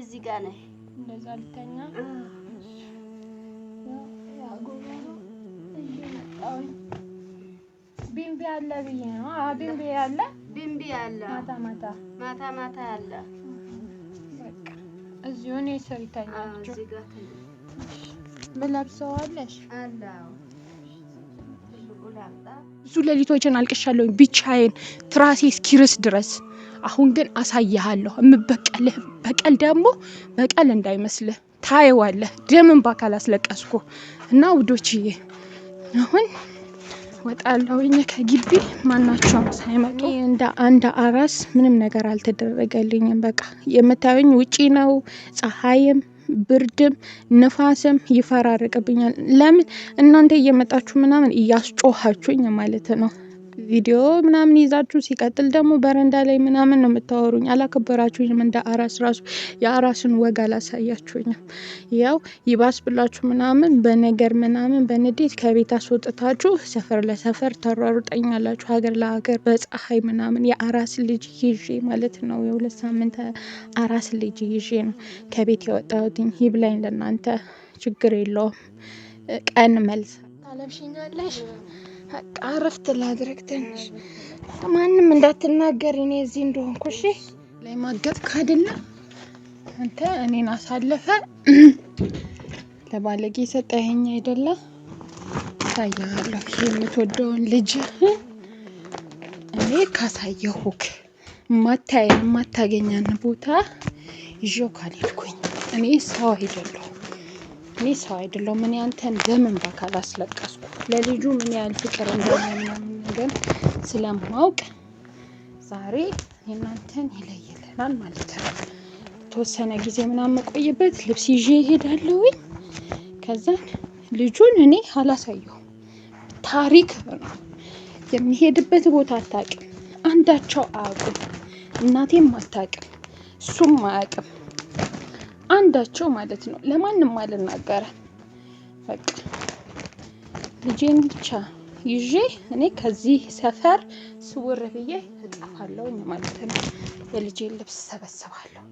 እዚህ ጋር ነህ እንደዛ ልተኛ ቢምቢ አለ ብዬ ነው። ቢምቢ አለ ቢምቢ አለ ማታ ማታ ማታ ማታ አለ። እዚሁ እኔ ስር ይተኛቸው ብለብሰው አለሽ አለ ብዙ ሌሊቶችን አልቅሻለሁ ብቻዬን ትራሴ እስኪርስ ድረስ አሁን ግን አሳይሃለሁ። የምበቀልህ በቀል ደግሞ በቀል እንዳይመስልህ ታየዋለህ። ደምን በአካል አስለቀስኩ እና ውዶችዬ አሁን ወጣለውኝ ከግቢ ማናቸውም ሳይመጡ። እንደ አንድ አራስ ምንም ነገር አልተደረገልኝም። በቃ የምታዩኝ ውጪ ነው። ፀሐይም ብርድም ንፋስም ይፈራርቅብኛል። ለምን እናንተ እየመጣችሁ ምናምን እያስጮኋችሁኝ ማለት ነው። ቪዲዮ ምናምን ይዛችሁ ሲቀጥል ደግሞ በረንዳ ላይ ምናምን ነው የምታወሩኝ። አላከበራችሁኝም። እንደ አራስ ራሱ የአራስን ወግ አላሳያችሁኝም። ያው ይባስ ብላችሁ ምናምን በነገር ምናምን በንዴት ከቤት አስወጥታችሁ ሰፈር ለሰፈር ተሯሩጠኛላችሁ፣ ሀገር ለሀገር በፀሐይ ምናምን። የአራስ ልጅ ይዤ ማለት ነው የሁለት ሳምንት አራስ ልጅ ይዤ ነው ከቤት የወጣሁትኝ። ላይ ለእናንተ ችግር የለውም። ቀን መልስ ታለብሽኛለሽ አረፍት ላድረግ ትንሽ። ማንም እንዳትናገር እኔ እዚህ እንደሆንኩ እሺ። ላይ ማገጥ ካደለ አንተ እኔን አሳለፈ ለባለጌ ሰጠኸኝ አይደለ? ታያለሁ የምትወደውን ልጅ እኔ ካሳየሁክ ማታየን ማታገኛን ቦታ ይዤው ካልሄድኩኝ እኔ ሰው አይደለሁ። እኔ ሰው አይደለሁም። ምን ያንተን በምን በአካል አስለቀስኩ ለልጁ ምን ያህል ፍቅር እንደሆነ ምናምን ነገር ስለማውቅ ዛሬ የእናንተን ይለይልናል ማለት ነው። የተወሰነ ጊዜ ምናምን መቆይበት ልብስ ይዤ እሄዳለሁኝ። ከዛን ልጁን እኔ አላሳየሁም። ታሪክ ነው የሚሄድበት ቦታ አታውቅም። አንዳቸው አያውቅም። እናቴም አታውቅም፣ እሱም አያውቅም። አንዳቸው ማለት ነው ለማንም አልናገረም። በቃ ልጄን ብቻ ይዤ እኔ ከዚህ ሰፈር ስውር ብዬ እጠፋለሁ ማለት ነው። የልጄን ልብስ ሰበስባለሁ።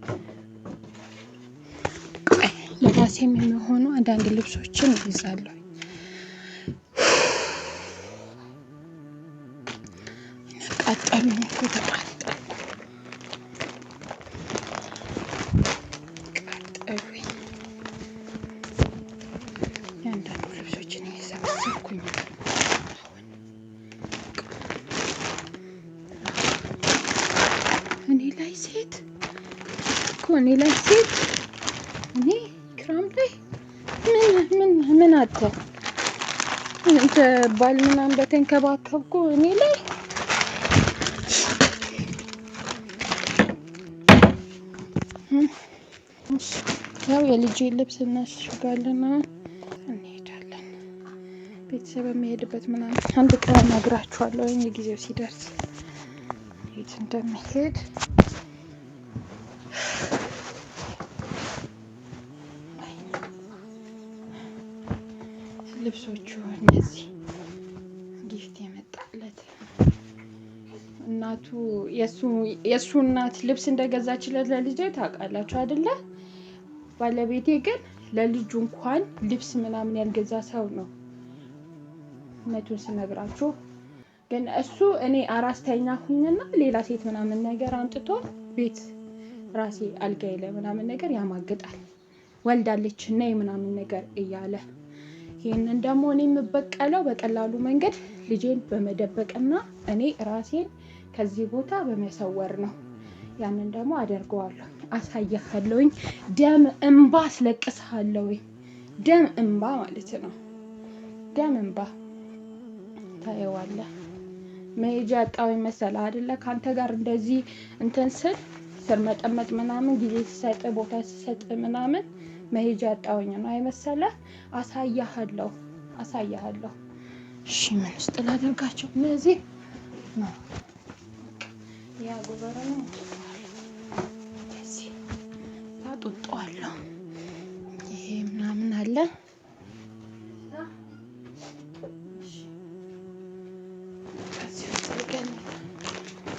ለራሴም የሚሆኑ አንዳንድ ልብሶችን ይዛለሁ። ቃጠሉ ተባለ ሴት እኮ እኔ ላይ ሴት እኔ ክራም ላይ ምን ምን ምን አለ እንደ ባል ምናምን በተንከባከብኩ እኔ ላይ ያው የልጅ ልብስ እናሽጋለን እንሄዳለን። ቤተሰብ የሚሄድበት ምናምን አንድ ቀን እነግራችኋለሁ ወይም የጊዜው ሲደርስ የት እንደሚሄድ ልብሶቹ እነዚህ ጊፍት የመጣለት እናቱ የእሱ እናት ልብስ እንደገዛችለት ለልጄ ታውቃላችሁ አይደለ? ባለቤቴ ግን ለልጁ እንኳን ልብስ ምናምን ያልገዛ ሰው ነው። እውነቱን ስነግራችሁ ግን እሱ እኔ አራስተኛ ሁኝና ሌላ ሴት ምናምን ነገር አምጥቶ ቤት ራሴ አልጋይ ላይ ምናምን ነገር ያማግጣል። ወልዳለች ነይ ምናምን ነገር እያለ ይህንን ደግሞ እኔ የምበቀለው በቀላሉ መንገድ ልጄን በመደበቅና እኔ ራሴን ከዚህ ቦታ በመሰወር ነው። ያንን ደግሞ አደርገዋለሁ፣ አሳያለሁኝ። ደም እንባ አስለቅስሃለሁኝ። ደም እንባ ማለት ነው። ደም እንባ ታየዋለህ። መሄጃ ያጣው ይመስላል አይደለ? ከአንተ ጋር እንደዚህ እንትን ስል ስር መጠመጥ ምናምን ጊዜ ሲሰጥ ቦታ ሲሰጥ ምናምን መሄጃ ያጣሁኝ ነው አይመሰለ አሳያለሁ አሳያሃለሁ። እሺ ምን ውስጥ ላደርጋቸው እነዚህ ያ ጉበረ ነው ይሄ ምናምን አለ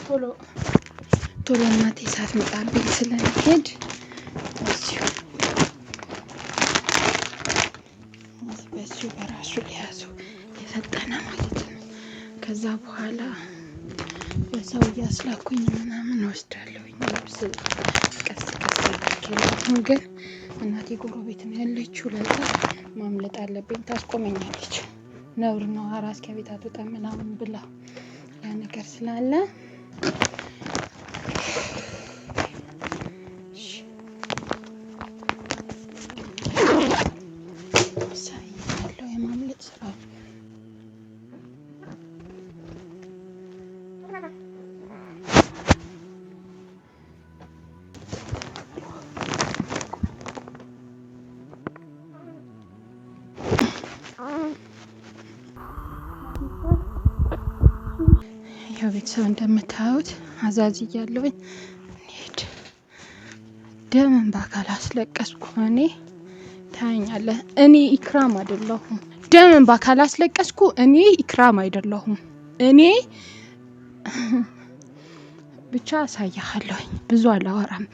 ቶሎ ቶሎ እናቴ ሰዓት መጣብኝ ስለሄድ ከዛ በኋላ በሰው እያስላኩኝ ምናምን ወስዳለሁኝ ልብስ ቀስ ቀስ አድርጌ ግን እናቴ ጎረቤት ነው ያለችው። ለዛ ማምለጥ አለብኝ። ታስቆመኛለች። ነውር ነው አራስ ከቤት አትወጣም ምናምን ብላ ያ ነገር ስላለ ያው ቤተሰብ እንደምታዩት አዛዝ እያለውኝ እንሂድ። ደምን በአካል አስለቀስኩ እኔ ታኛለ እኔ ኢክራም አይደለሁም። ደምን በአካል አስለቀስኩ እኔ ኢክራም አይደለሁም። እኔ ብቻ አሳያሃለሁኝ። ብዙ አላወራም፣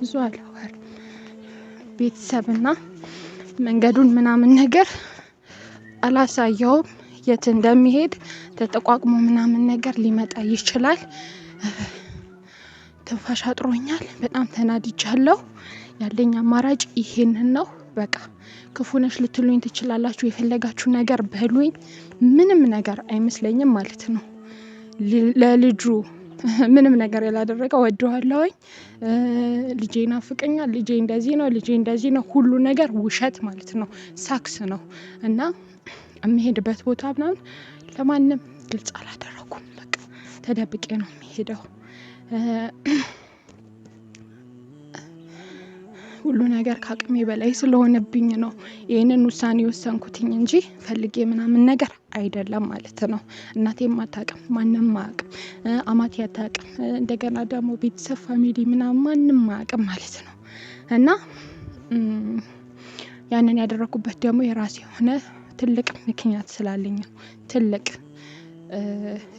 ብዙ አላወራም። ቤተሰብና መንገዱን ምናምን ነገር አላሳየውም። የት እንደሚሄድ ተጠቋቅሞ ምናምን ነገር ሊመጣ ይችላል። ትንፋሽ አጥሮኛል። በጣም ተናድጃለሁ። ያለኝ አማራጭ ይሄንን ነው። በቃ ክፉ ነሽ ልትሉኝ ትችላላችሁ። የፈለጋችሁ ነገር በሉኝ፣ ምንም ነገር አይመስለኝም ማለት ነው። ለልጁ ምንም ነገር ያላደረገ ወደዋለሁኝ። ልጄ ናፍቀኛል፣ ልጄ እንደዚህ ነው፣ ልጄ እንደዚህ ነው፣ ሁሉ ነገር ውሸት ማለት ነው። ሳክስ ነው እና የምሄድበት ቦታ ምናምን ለማንም ግልጽ አላደረኩም። በቃ ተደብቄ ነው የሚሄደው። ሁሉ ነገር ከአቅሜ በላይ ስለሆነብኝ ነው ይህንን ውሳኔ ወሰንኩትኝ እንጂ ፈልጌ ምናምን ነገር አይደለም ማለት ነው። እናቴ አታውቅም፣ ማንም አያውቅም፣ አማቴ አታውቅም። እንደገና ደግሞ ቤተሰብ ፋሚሊ ምናምን ማንም አያውቅም ማለት ነው እና ያንን ያደረኩበት ደግሞ የራሴ የሆነ ትልቅ ምክንያት ስላለኝ ነው። ትልቅ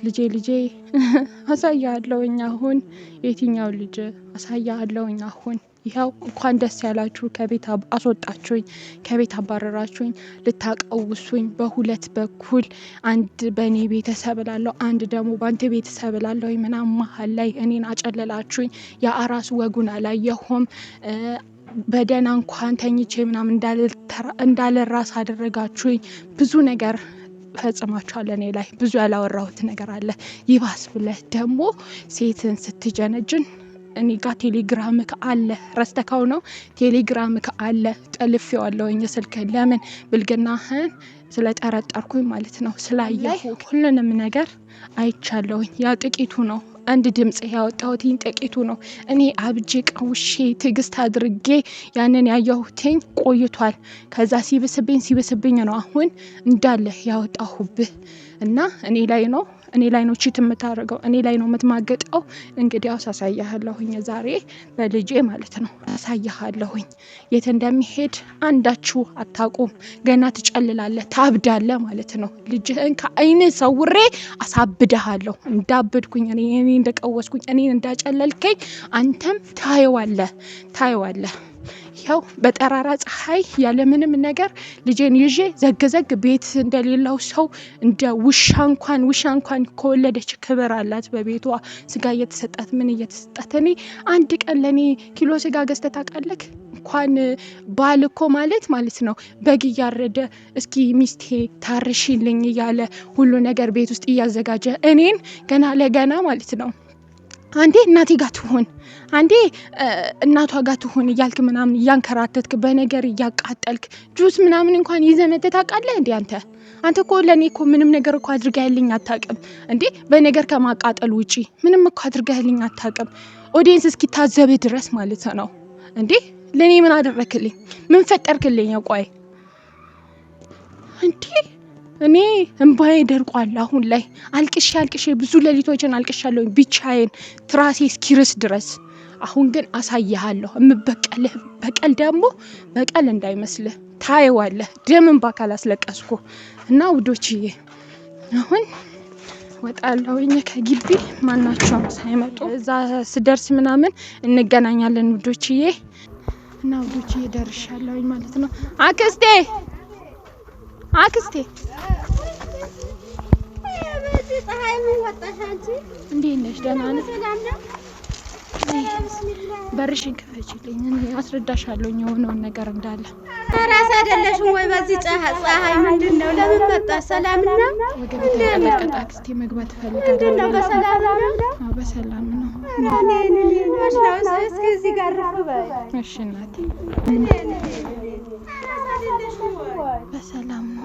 ልጄ ልጄ አሳያ አሳያለሁኝ አሁን የትኛው ልጅ አሳያ አሳያለሁኝ አሁን ይኸው እንኳን ደስ ያላችሁ ከቤት አስወጣችሁኝ፣ ከቤት አባረራችሁኝ፣ ልታቀውሱኝ በሁለት በኩል አንድ በእኔ ቤተሰብ ላለው አንድ ደግሞ በአንተ ቤተሰብ ላለው ምናምን መሀል ላይ እኔን አጨለላችሁኝ። የአራስ ወጉን አላየሁም። በደህና እንኳን ተኝቼ ምናምን ራስ አደረጋችሁኝ። ብዙ ነገር ፈጽማችኋል። እኔ ላይ ብዙ ያላወራሁት ነገር አለ። ይባስ ብለህ ደግሞ ሴትን ስትጀነጅን እኔ ጋር ቴሌግራምክ አለ ረስተካው ነው። ቴሌግራምክ አለ ጠልፌዋለሁኝ ስልክህን ለምን ብልግናህን ስለጠረጠርኩኝ ማለት ነው። ስላየሁ ሁሉንም ነገር አይቻለሁኝ። ያ ጥቂቱ ነው። አንድ ድምፅ ያወጣሁትኝ ጥቂቱ ነው። እኔ አብጄ ቀውሼ ትዕግስት አድርጌ ያንን ያየሁትኝ ቆይቷል። ከዛ ሲብስብኝ ሲብስብኝ ነው አሁን እንዳለ ያወጣሁብህ እና እኔ ላይ ነው እኔ ላይ ነው ቺት የምታደርገው፣ እኔ ላይ ነው የምትማገጠው። እንግዲያውስ አሳያለሁኝ ዛሬ በልጄ ማለት ነው አሳያለሁኝ። የት እንደሚሄድ አንዳችሁ አታውቁም። ገና ትጨልላለህ፣ ታብዳለህ ማለት ነው። ልጅህን ከአይን ሰውሬ አሳብድሃለሁ። እንዳብድኩኝ፣ እኔ እንደቀወስኩኝ፣ እኔን እንዳጨለልከኝ አንተም ታየዋለህ ታየዋለህ። ያው በጠራራ ፀሐይ ያለምንም ነገር ልጄን ይዤ ዘግዘግ ቤት እንደሌላው ሰው እንደ ውሻ እንኳን ውሻ እንኳን ከወለደች ክብር አላት። በቤቷ ስጋ እየተሰጣት ምን እየተሰጣት። እኔ አንድ ቀን ለእኔ ኪሎ ስጋ ገዝተህ ታውቃለህ? እንኳን ባል እኮ ማለት ማለት ነው በግ እያረደ እስኪ ሚስቴ ታርሽልኝ እያለ ሁሉ ነገር ቤት ውስጥ እያዘጋጀ እኔን ገና ለገና ማለት ነው አንዴ እናቴ ጋር ትሆን አንዴ እናቷ ጋር ትሆን እያልክ ምናምን እያንከራተትክ በነገር እያቃጠልክ ጁስ ምናምን እንኳን ይዘህ መተህ ታውቃለህ እንዴ? አንተ አንተ እኮ ለእኔ እኮ ምንም ነገር እኮ አድርገህልኝ አታውቅም እንዴ? በነገር ከማቃጠል ውጪ ምንም እኮ አድርገህልኝ አታውቅም። ኦዲየንስ እስኪታዘብህ ድረስ ማለት ነው እንዴ? ለእኔ ምን አደረክልኝ? ምን ፈጠርክልኝ? ቆይ እንዴ እኔ እንባዬ ደርቋል። አሁን ላይ አልቅሼ አልቅሼ ብዙ ሌሊቶችን አልቅሻለሁ ብቻዬን ትራሴ እስኪርስ ድረስ። አሁን ግን አሳይሃለሁ። የምበቀልህ በቀል ደግሞ በቀል እንዳይመስልህ ታየዋለህ። ደምን በአካል አስለቀስኩ እና ውዶችዬ አሁን ወጣለሁኝ ከግቢ ማናቸውም ሳይመጡ እዛ ስደርስ ምናምን እንገናኛለን ውዶችዬ እና ውዶችዬ ደርሻለሁኝ ማለት ነው አክስቴ አክስቴ እንዴት ነሽ? ደህና ነሽ? በርሽን ክፈችልኝ፣ አስረዳሻለሁኝ የሆነውን ነገር እንዳለ። ራስ አይደለሽም ወይ? በዚህ ፀሐይ ምንድን ነው? ለምን መጣሽ? ሰላም ነው? ወገቤ አክስቴ መግባት እፈልጋለሁ። በሰላም ነው? በሰላም ነው። እሺ እናቴ በሰላም ነው።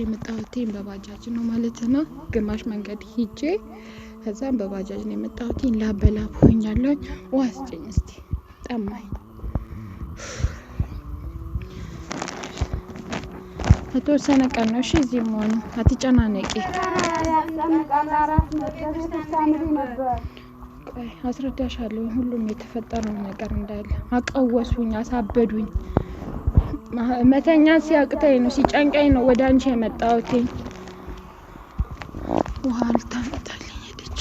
የመጣሁትኝ በባጃጅ ነው ማለት ነው። ግማሽ መንገድ ሂጄ ከዛም በባጃጅ ነው የመጣሁትኝ። ላበላ ሆኛለሁ። ዋስጭኝ እስቲ ጠማኝ። የተወሰነ ቀን ነው። እሺ እዚህ መሆኑ አትጨናነቂ። አስረዳሻለሁ ሁሉም የተፈጠረው ነገር እንዳለ። አቀወሱኝ፣ አሳበዱኝ። መተኛ ሲያቅተኝ ነው ሲጨንቀኝ ነው ወደ አንቺ የመጣሁትኝ። ውሃ ልታመጣልኝ ሄደች።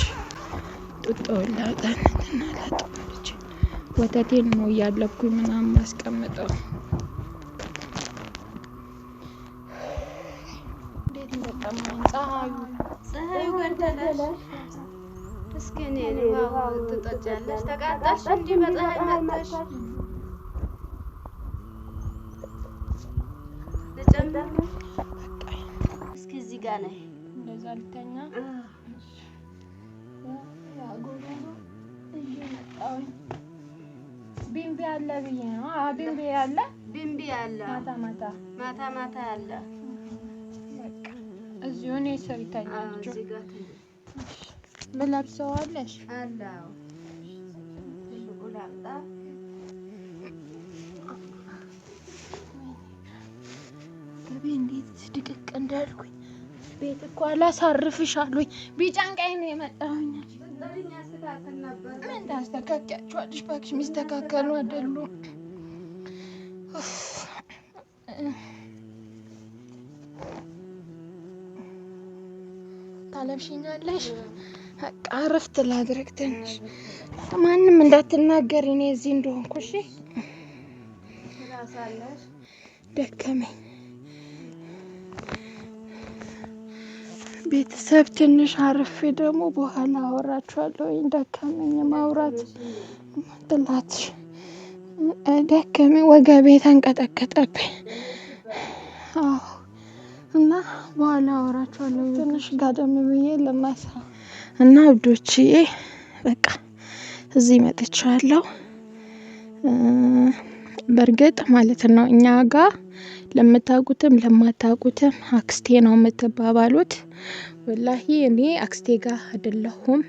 ጡጦ ላጣነትና ላጥ ወተቴን ነው እያለኩኝ ምናምን አስቀምጠው ፀሐዩ ገደለሽ። እስኪ እኔን ውሃ ትጠጫለሽ? ተቃጠልሽ እንዲህ በፀሐይ መጥተሽ። ልጨምርልሽ? እስኪ እዚህ ጋር ነይ። እንደዛ ልተኛ ቢምቢ አለ ብዬ ነው። ቢምቢ አለ፣ ቢምቢ አለ፣ ማታ ማታ ማታ ማታ አለ እዚሁ እኔ ስር ይተኛችሁ። ምለብሰዋለሽ እንዴት ድቅቅ እንዳልኩኝ ቤት እኮ አላሳርፍሽ አሉኝ። ቢጫን ቀይ ነው የመጣሁኝ። ምን ታስተካክያቸዋለሽ? እባክሽ የሚስተካከሉ አይደሉም። ታለብሽኛለሽ። በቃ እረፍት ላድረግ ትንሽ። ማንም እንዳትናገር እኔ እዚህ እንደሆንኩ እሺ። ደከመኝ። ቤተሰብ ትንሽ አርፌ ደግሞ በኋላ አወራችኋለሁ። ደከመኝ ማውራት ትላትሽ ደከመኝ። ወገቤ ተንቀጠቀጠብኝ። አዎ እና በኋላ አወራችኋለሁ። ትንሽ ጋደም ብዬ ለማሳ እና ውዶችዬ በቃ እዚህ መጥቻለሁ። በእርግጥ ማለት ነው እኛ ጋር ለምታውቁትም ለማታውቁትም አክስቴ ነው የምትባባሉት። ወላሂ እኔ አክስቴ ጋር አይደለሁም።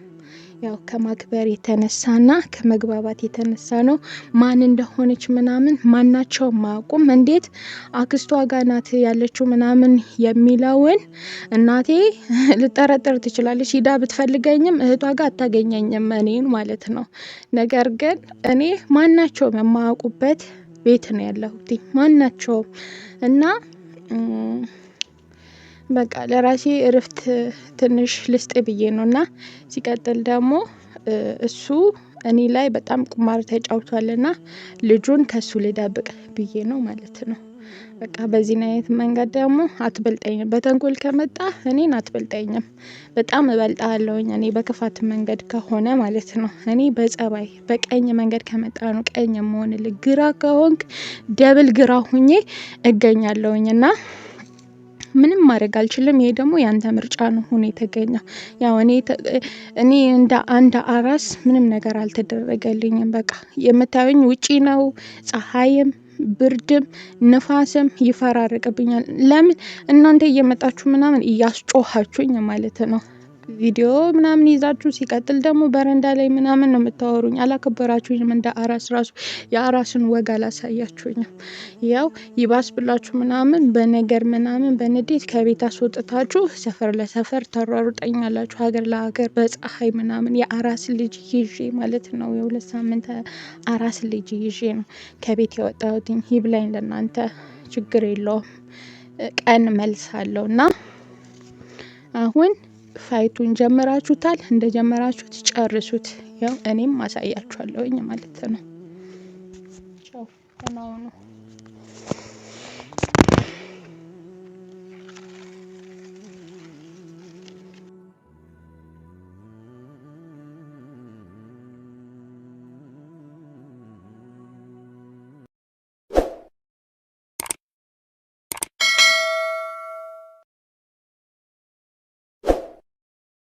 ያው ከማክበር የተነሳና ከመግባባት የተነሳ ነው። ማን እንደሆነች ምናምን ማናቸውም ማቁም? እንዴት አክስቷ ጋር ናት ያለችው ምናምን የሚለውን እናቴ ልጠረጥር ትችላለች። ሂዳ ብትፈልገኝም እህቷ ጋር አታገኘኝም እኔን ማለት ነው። ነገር ግን እኔ ማናቸውም የማያውቁበት ቤት ነው ያለሁት ማናቸውም እና በቃ ለራሴ እርፍት ትንሽ ልስጥ ብዬ ነው። እና ሲቀጥል ደግሞ እሱ እኔ ላይ በጣም ቁማር ተጫውቷል ተጫውቷልና ልጁን ከእሱ ልደብቅ ብዬ ነው ማለት ነው። በቃ በዚህን አይነት መንገድ ደግሞ አትበልጠኝም በተንኮል ከመጣ እኔን አትበልጠኝም በጣም እበልጥሃለሁኝ እኔ በክፋት መንገድ ከሆነ ማለት ነው። እኔ በጸባይ በቀኝ መንገድ ከመጣ ነው ቀኝ የምሆንልህ ግራ ከሆንክ ደብል ግራ ሁኜ እገኛለውኝ እና ምንም ማድረግ አልችልም። ይሄ ደግሞ የአንተ ምርጫ ነው ሆኖ የተገኘው። ያው እኔ እኔ እንደ አንድ አራስ ምንም ነገር አልተደረገልኝም። በቃ የምታዩኝ ውጪ ነው፣ ፀሐይም ብርድም ንፋስም ይፈራርቅብኛል። ለምን እናንተ እየመጣችሁ ምናምን እያስጮኋችሁኝ ማለት ነው። ቪዲዮ ምናምን ይዛችሁ ሲቀጥል ደግሞ በረንዳ ላይ ምናምን ነው የምታወሩኝ። አላከበራችሁኝም። እንደ አራስ ራሱ የአራስን ወግ አላሳያችሁኝም። ያው ይባስ ብላችሁ ምናምን በነገር ምናምን በንዴት ከቤት አስወጥታችሁ ሰፈር ለሰፈር ተሯሩጠኛላችሁ፣ ሀገር ለሀገር በፀሐይ ምናምን። የአራስ ልጅ ይዤ ማለት ነው የሁለት ሳምንት አራስ ልጅ ይዤ ነው ከቤት የወጣሁትኝ። ላይ ለእናንተ ችግር የለውም። ቀን መልስ አለው እና አሁን ፋይቱን ጀምራችሁታል? እንደጀመራችሁት ጨርሱት። ያው እኔም አሳያችኋለሁኝ ማለት ነው። ቻው።